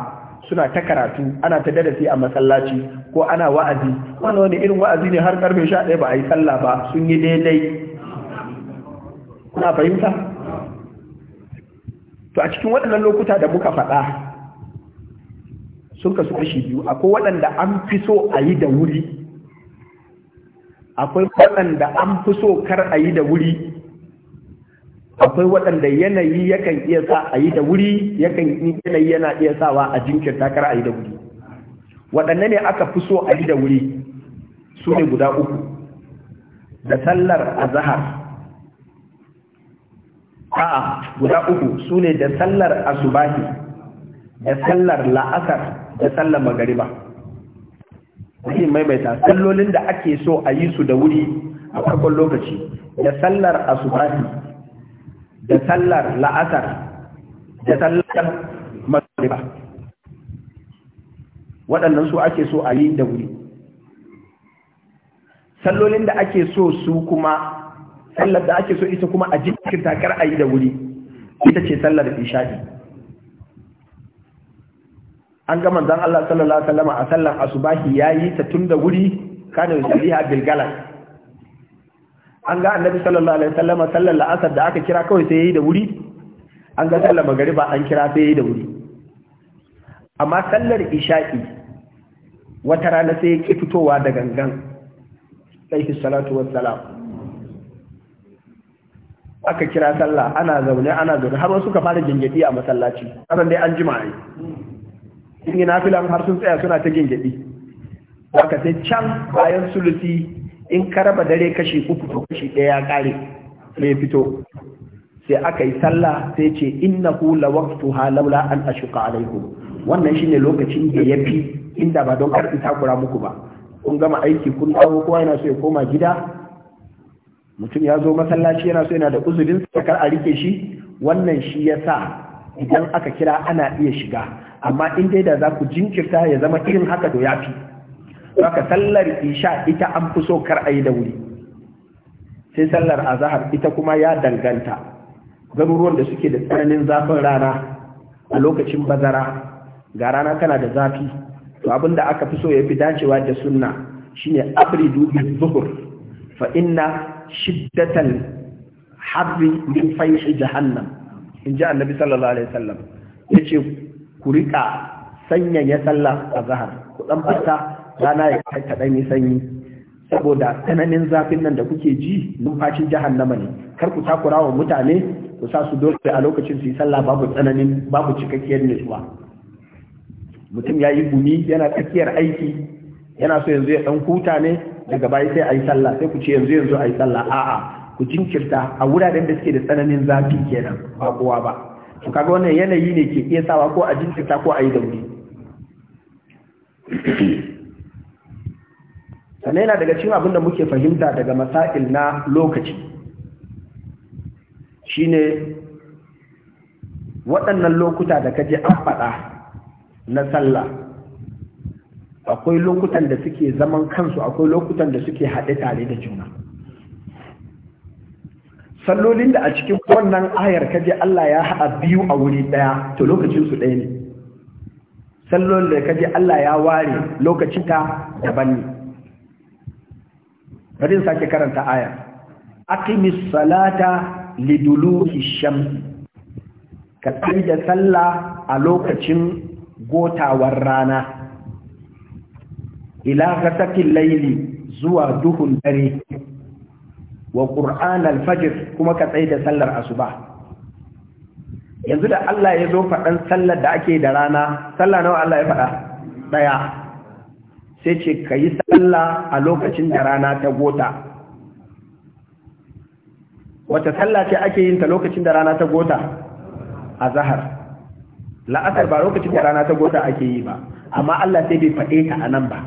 [SPEAKER 1] suna ta karatu ana ta darasi a masallaci ko ana wa'azi wani wani irin wa'azi ne har karfe sha ɗaya ba a yi sallah ba sun yi daidai kuna fahimta to a cikin waɗannan lokuta da muka faɗa sun kasu kashi biyu akwai waɗanda an fi so a yi da wuri akwai waɗanda an fi so kar a yi da wuri akwai waɗanda yanayi yakan iya sa a yi da wuri yakan yanayi yana iya sawa a jinkirta kar a yi da wuri waɗanne ne aka fi so a yi da wuri su ne guda uku da sallar azahar a'a guda uku su ne da sallar asubahi da sallar la'asar da sallar magariba zai maimaita sallolin da ake so a yi su da wuri a farkon lokaci da sallar asubahi da sallar la'asar da sallar magriba waɗannan su ake so a yi da wuri sallolin da ake so su kuma sallar da ake so ita kuma a jikin kar a yi da wuri ita ce sallar ishaɗi an gama zan Allah sallallahu alaihi wasallam a sallar asubahi ya yi ta tun da wuri kanin yusalliha bil galas an ga annabi sallallahu alaihi wasallam sallar la'asar da aka kira kawai sai yayi da wuri an ga sallar magariba an kira sai yayi da wuri amma sallar isha'i wata rana sai ya fitowa da gangan alaihi salatu wassalam aka kira sallah ana zaune ana zaune har wasu ka fara gingedi a masallaci kasan dai an jima'a sun yi nafilan har sun tsaya suna ta gingedi aka sai can bayan sulusi in ka raba dare kashi uku to kashi ɗaya ya ƙare mai fito sai aka yi sallah sai ce hula la ha laula an ashqa alaikum wannan shine lokacin da yafi inda ba don karfi takura muku ba kun gama aiki kun dawo kowa yana so ya koma gida mutum ya zo masallaci yana so yana da uzurin kar a rike shi wannan shi yasa idan aka kira ana iya shiga amma in dai da za ku jinkirta ya zama irin haka to yafi Saka sallar isha ita an fi so kar a yi da wuri. Sai sallar azahar ita kuma ya danganta. Garuruwan da suke da tsananin zafin rana a lokacin bazara ga rana tana da zafi. To abin da aka fi so ya fi dacewa da sunna shine abridu dubi zuhur fa inna shiddatal harri min faihi jahannam in ji annabi sallallahu alaihi wasallam ce ku riƙa sanyaya sallah zahar ku ɗan fata rana ya kai dan yi sanyi saboda tsananin zafin nan da kuke ji numfashin jahannama ne kar ku takura wa mutane ku sa su dole a lokacin su yi sallah babu tsananin babu cikakkiyar nutsuwa mutum ya yi gumi yana tsakiyar aiki yana so yanzu ya dan huta ne daga baya sai a yi sallah sai ku ce yanzu yanzu a yi sallah a'a ku jinkirta a wuraren da suke da tsananin zafi kenan ba kowa ba to kaga wannan yanayi ne ke iya sawa ko a jinkirta ko a yi da wuri sannan yana daga cikin abin da muke fahimta daga masail na lokaci shine waɗannan lokuta da kaje an faɗa na sallah akwai lokutan da suke zaman kansu akwai lokutan da suke haɗe tare da juna sallolin da a cikin wannan ayar kaje Allah ya haɗa biyu a wuri ɗaya to lokacin su ɗaya ne sallolin da kaje Allah ya ware lokacin ta daban ne bari sake karanta aya aqimis salata liduluki shams ka da sallah a lokacin gotawar rana ila ghasaqil layli zuwa duhun dare wa qur'an al-fajr kuma ka da sallar asuba yanzu da Allah ya zo faɗan sallar da ake da rana sallah nawa Allah ya faɗa daya sai ce ka yi sallah a lokacin da rana ta gota wata sallah ce ake yin ta lokacin da rana ta gota a zahar la'asar ba lokacin da rana ta gota ake yi ba amma Allah sai bai faɗe ta a nan ba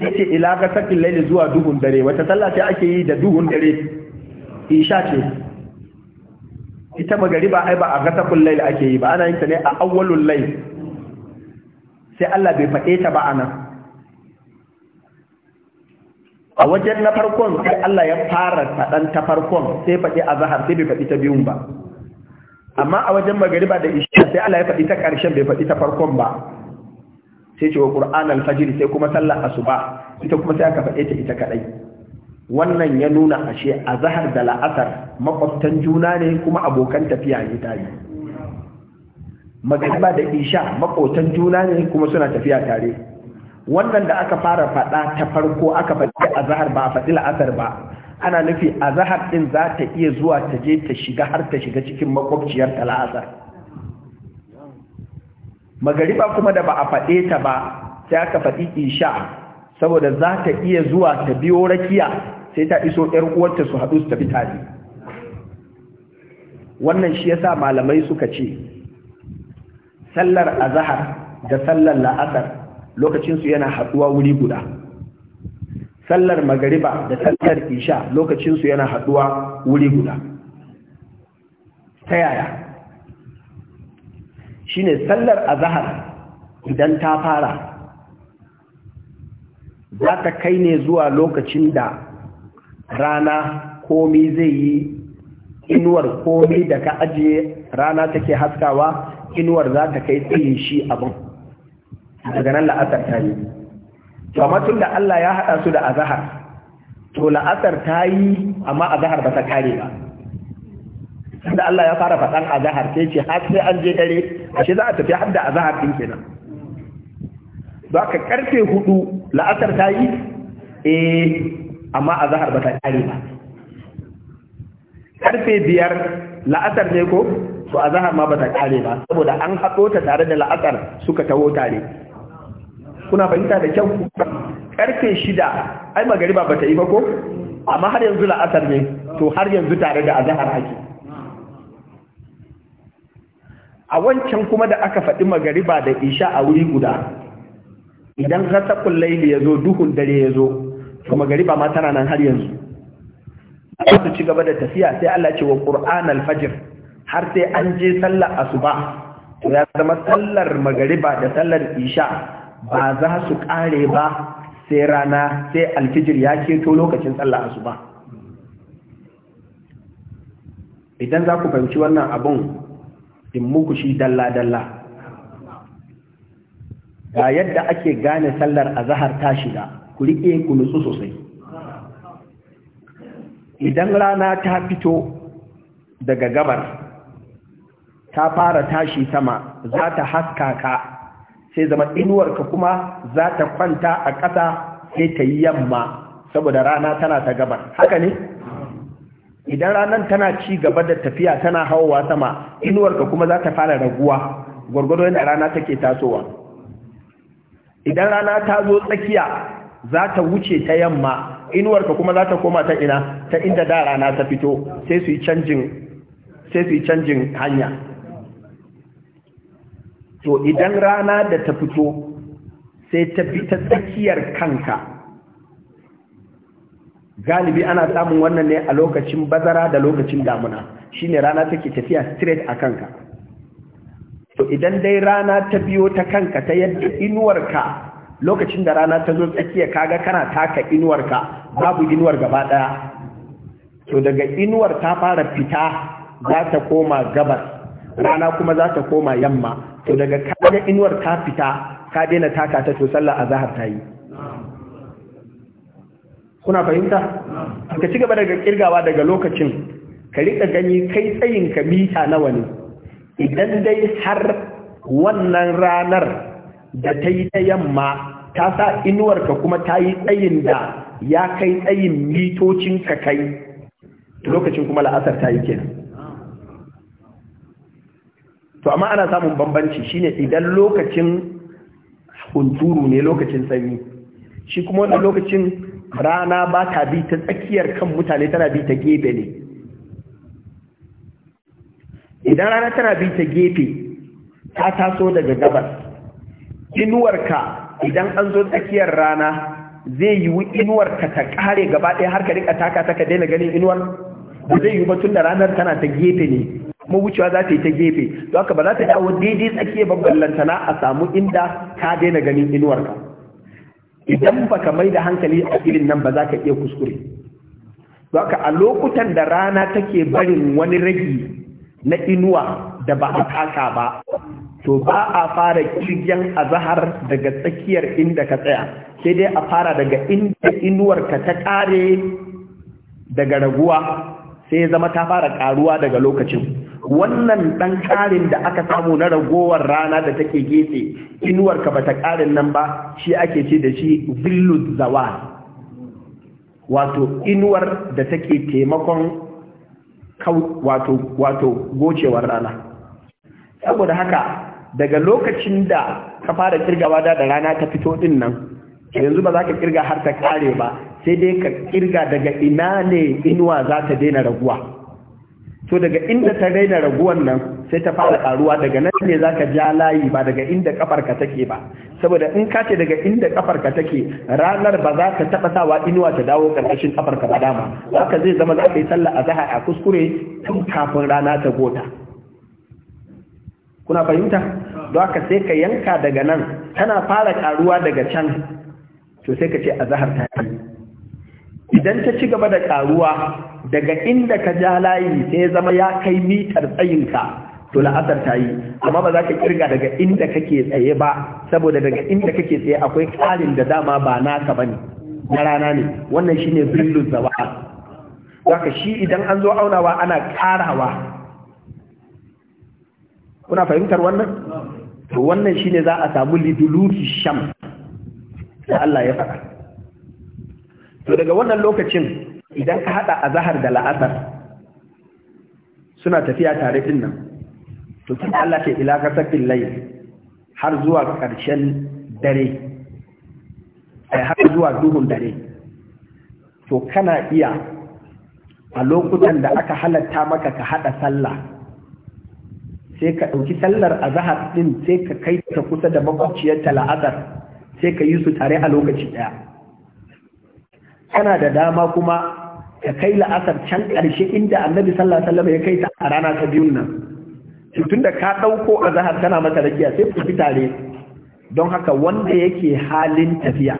[SPEAKER 1] sai ce ila ga sakin laili zuwa duhun dare wata sallah ce ake yi da duhun dare isha ce ita magariba ai ba a ga sakin laili ake yi ba ana yin ta ne a awwalul laili sai Allah bai faɗe ta ba a nan a wajen na farkon sai Allah ya fara faɗan ta farkon sai faɗi a zahar sai bai faɗi ta biyun ba amma a wajen magariba da isha sai Allah ya faɗi ta ƙarshen bai faɗi ta farkon ba sai ce wa Ƙur'an alfajiri sai kuma sallar asuba ita kuma sai aka faɗe ta ita kadai wannan ya nuna ashe a zahar da la'asar makwabtan juna ne kuma abokan tafiya ne yi. magariba da isha makotan juna ne kuma suna tafiya tare wannan da aka fara faɗa ta farko aka faɗi zahar ba a faɗi la'asar ba ana nufi a zahar ɗin za ta iya zuwa ta je ta shiga har ta shiga cikin makwabciyar ta la'asar magariba kuma da ba a faɗe ta ba sai aka faɗi isha saboda za ta iya zuwa ta biyo rakiya sai ta iso ‘yar uwarta su haɗu su tafi tare wannan shi yasa malamai suka ce sallar azahar da sallar la'asar lokacinsu yana haɗuwa wuri guda sallar magariba da sallar isha lokacinsu yana haɗuwa wuri guda ta yaya shine sallar azahar idan ta fara za ta kai ne zuwa lokacin da rana komi zai yi inuwar komi da ka ajiye rana take haskawa inuwar za ta kai tsayin shi abin daga nan la'asar ta yi amma tun da Allah ya haɗa su da azahar to la'asar ta yi amma azahar ba ta kare ba da Allah ya fara faɗan azahar sai ce har sai an je dare a shi za a tafi har da azahar ɗin kenan ba ka karfe hudu la'asar ta yi eh amma azahar ba ta kare ba karfe biyar la'asar ne ko to zahar ma ba ta kare ba saboda an haɗo ta tare da la'asar suka taho tare kuna fahimta da kyau karfe shida ai magariba ba ta yi ba ko amma har yanzu la'asar ne to har yanzu tare da azahar ake a wancan kuma da aka faɗi magariba da isha a wuri guda idan hasakun laili ya zo duhun dare ya zo to magariba ma tana nan har yanzu A wasu ci gaba da tafiya sai Allah ce wa al-Fajr har sai an je sallar asuba to ya zama sallar magariba da sallar isha ba za su kare ba sai rana sai alfijir ya keto lokacin sallar asuba idan za ku fahimci wannan abun in muku shi dalla-dalla ga yadda ake gane sallar azahar ta shiga ku riƙe ku nutsu sosai idan rana ta fito daga gabar ta fara tashi sama za ta haska ka sai zama inuwarka kuma za ta kwanta a ƙasa sai ta yi yamma saboda rana tana ta gabar haka ne idan ranar tana ci gaba da tafiya tana hawa sama inuwarka kuma za ta fara raguwa gwargwado yana rana take tasowa idan rana ta zo tsakiya za ta wuce ta yamma inuwarka kuma za ta koma ta ina ta inda da rana ta fito sai su yi canjin hanya to idan rana da ta fito sai ta bi ta tsakiyar kanka galibi ana samun wannan ne a lokacin bazara da lokacin damuna shine rana take tafiya straight a kanka to idan dai rana ta biyo ta kanka ta yadda inuwarka lokacin da rana ta zo tsakiya kaga kana taka inuwarka babu inuwar gaba daya to daga inuwar ta fara fita za ta koma gabas rana kuma za ta koma yamma to daga kaga inuwar ta fita ka daina taka ta to sallar azahar ta yi kuna fahimta ka ci gaba daga kirgawa daga lokacin ka rika gani kai tsayin ka mita nawa ne idan dai har wannan ranar da ta yi ta yamma ta sa inuwarka kuma ta yi tsayin da ya kai tsayin mitocin ka kai lokacin kuma la'asar ta yi kenan to amma ana samun bambanci shine idan lokacin hunturu ne lokacin sanyi shi kuma wannan lokacin rana ba ta bi ta tsakiyar kan mutane tana bi ta gefe ne idan rana tana bi ta gefe ta taso daga gabas inuwarka idan an zo tsakiyar rana zai inuwar inuwarka ta kare gaba ɗaya har ka rika taka ta ka daina ganin inuwar ba zai yi ba tun da ranar tana ta gefe ne kuma wucewa za ta yi ta gefe don haka ba za ta dawo daidai tsakiyar babban lantana a samu inda ka daina ganin inuwarka idan baka mai da hankali a irin nan ba za ka iya kuskure don haka a lokutan da rana take barin wani ragi na inuwa da ba a kasa ba to ba a fara kirgen azahar daga tsakiyar inda ka tsaya sai dai a fara daga inda inuwarka ta kare daga raguwa sai ya zama ta fara karuwa daga lokacin wannan dan karin da aka samu na ragowar rana da take gefe inuwarka bata karin nan ba shi ake ce da shi zillud zawal wato inuwar da take taimakon wato wato gocewar rana saboda haka daga lokacin da ka fara kirgawa da rana ta fito din nan yanzu ba za ka kirga har ta kare ba sai dai ka kirga daga ina ne inuwa za ta daina raguwa to daga inda ta daina raguwan nan sai ta fara karuwa daga nan ne za ka ja layi ba daga inda kafarka take ba saboda in ka ce daga inda kafarka take ranar ba za ka taɓa sawa inuwa ta dawo ƙarƙashin kafarka ba dama haka zai zama za ka yi sallah a zaha a kuskure tun kafin rana ta gota kuna fahimta don haka sai ka yanka daga nan tana fara karuwa daga can to sai ka ce a zahar ta yi idan ta ci gaba da karuwa daga inda ka ja layi sai ya zama ya kai mitar tsayinka to la'asar ta yi amma ba za ka kirga daga inda kake tsaye ba saboda daga inda kake tsaye akwai ƙarin da dama ba naka ba ne na rana ne wannan shine billun Za zaka shi idan an zo aunawa ana karawa kuna fahimtar wannan to wannan shine za a samu liduluki sham da Allah ya faɗa to daga wannan lokacin idan ka a zahar da la'asar suna tafiya tare ɗin nan to kuma Allah ke ilaka sakin lai har zuwa ƙarshen dare ai har zuwa duhun dare to kana iya a lokutan da aka halatta maka ka haɗa sallah sai ka ɗauki sallar azahar ɗin sai ka kai ta kusa da makwabciyar la'asar sai ka yi su tare a lokaci ɗaya kana da dama kuma ka kai la'asar can ƙarshe inda annabi sallallahu alaihi ya kai ta a rana ta biyun nan tun da ka ɗauko a zahar kana mata rakiya sai ku tafi tare don haka wanda yake halin tafiya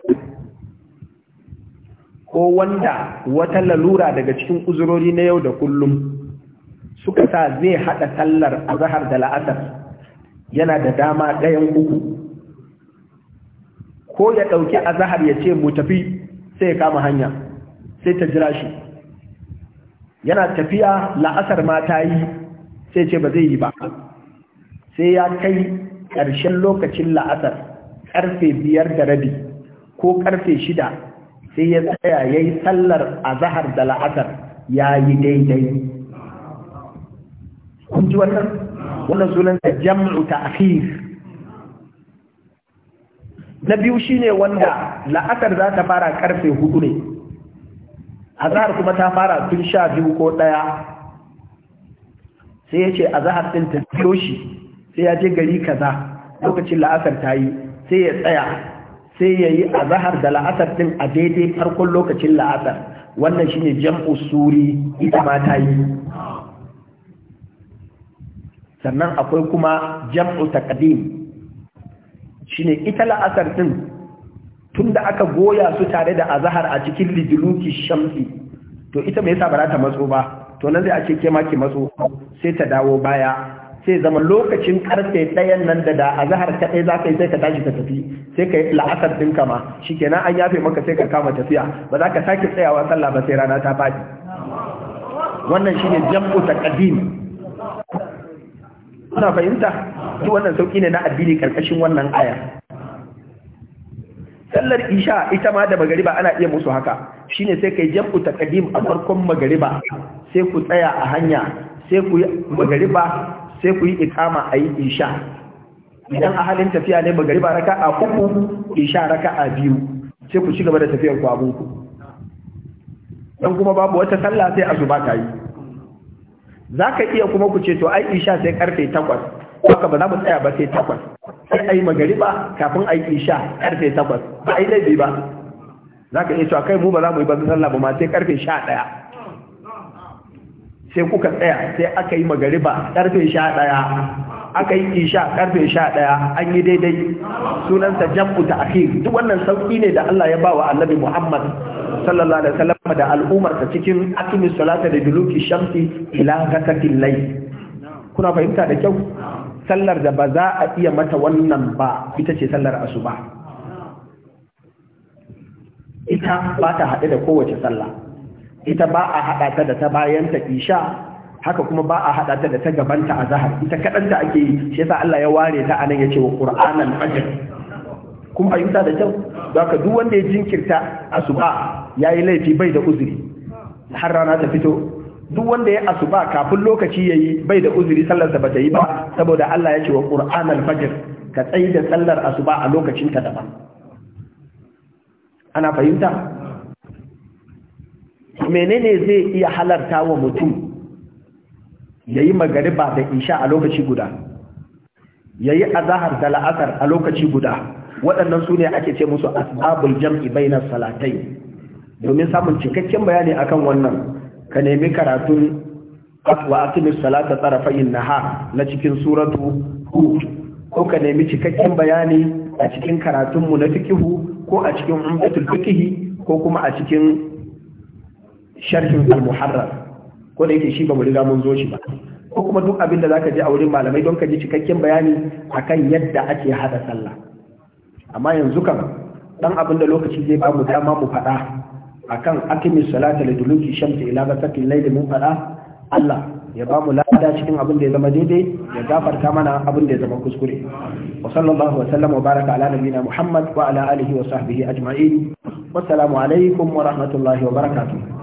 [SPEAKER 1] ko wanda wata lalura daga cikin uzurori na yau da kullum suka sa zai haɗa sallar a zahar da la'asar yana da dama ɗayan uku ko ya ɗauki a zahar ya ce mu tafi sai ya kama hanya sai ta jira shi yana tafiya la'asar ma ta yi sai ce ba zai yi ba sai ya kai ƙarshen lokacin la'asar ƙarfe biyar da rabi ko ƙarfe shida sai ya tsaya ya yi sallar a zahar da la'asar ya yi daidai kun ji wannan wannan sunan jam'u ta akhir na biyu shine wanda la'asar za ta fara karfe hudu ne azahar kuma ta fara tun sha biyu ko ɗaya sai ya ce azahar ɗin ta biyo shi sai ya je gari kaza lokacin la'asar ta yi sai ya tsaya sai ya yi azahar da la'asar ɗin a daidai farkon lokacin la'asar wannan shine jam'u suri ita ma ta yi sannan akwai kuma jam'u taqdim shine ita la'asar din da aka goya su tare da azahar a cikin lidiluki shamsi to ita mai yasa ba za ta matso ba to nan zai ake kema ki matso sai ta dawo baya sai zama lokacin karfe ɗayan nan da da azahar kaɗai za ka yi sai ka tashi ka tafi sai ka yi la'asar kama, ma shikenan an yafe maka sai ka kama tafiya ba za ka sake tsayawa sallah ba sai rana ta faɗi wannan shine jam'u taqdim kuna fahimta ki wannan sauki ne na addini karkashin wannan aya sallar isha ita ma da magariba ana iya musu haka shine sai kai jam'u taqdim a farkon magariba sai ku tsaya a hanya sai ku magariba sai ku yi ikama a yi isha idan a halin tafiya ne magariba raka'a uku isha raka'a biyu sai ku ci gaba da tafiyar ku abunku kuma babu wata sallah sai azuba ta yi za ka iya kuma ku ce to ai isha sai karfe takwas haka ba za mu tsaya ba sai takwas sai a yi magariba kafin a yi isha karfe takwas ba a yi laifi ba za ka iya cewa kai mu ba za mu yi ba sallah ba ma sai karfe sha ɗaya sai kuka tsaya sai aka yi magariba karfe sha ɗaya aka yi isha karfe sha ɗaya an yi daidai sunansa jam'u ta akhir duk wannan sauƙi ne da Allah ya ba wa annabi Muhammad sallallahu alaihi wasallam da ta cikin akimi salata da duluki shamsi ila ghasaqil layl kuna fahimta da kyau sallar da ba za a iya mata wannan ba ita ce sallar asuba ita ba ta haɗe da kowace sallah ita ba a haɗa ta da ta bayan ta isha haka kuma ba a haɗa ta da ta gabanta a zahar ita ta ake yi shi yasa Allah ya ware ta anan ya ce wa qur'anan fajr kun fahimta da kyau ba ka duk wanda ya jinkirta asuba ya yi laifi bai da uzuri har rana ta fito duk wanda ya asuba kafin lokaci ya yi bai da uzuri sallarsa ba ta yi ba saboda Allah ya ce wa ƙur'an alfajir ka tsayi da sallar asuba a lokacin ta daban ana fahimta menene zai iya halarta wa mutum ya yi magariba da isha a lokaci guda ya yi azahar da la'asar a lokaci guda waɗannan su ne ake ce musu asbabul jam'i bainas salatai domin samun cikakken bayani akan wannan ka nemi karatun wa aqimis salata tarafayin naha na cikin suratu hud ko ka nemi cikakken bayani a cikin karatunmu na fikihu ko a cikin umdatul fikihi ko kuma a cikin sharhin al-muharrar ko da yake shi ba mu riga mun zo shi ba ko kuma duk abin da zaka je a wurin malamai don ka ji cikakken bayani akan yadda ake hada sallah amma yanzu kan dan abin da lokaci zai ba mu dama mu faɗa akan akimi salata da duluki shamsi ila basakin laili mun faɗa Allah ya ba mu lada cikin abin da ya zama daidai ya gafarta mana abin da ya zama kuskure wa sallallahu wa sallam wa baraka ala nabiyina muhammad wa ala alihi wa sahbihi ajma'in wassalamu alaikum wa rahmatullahi wa barakatuh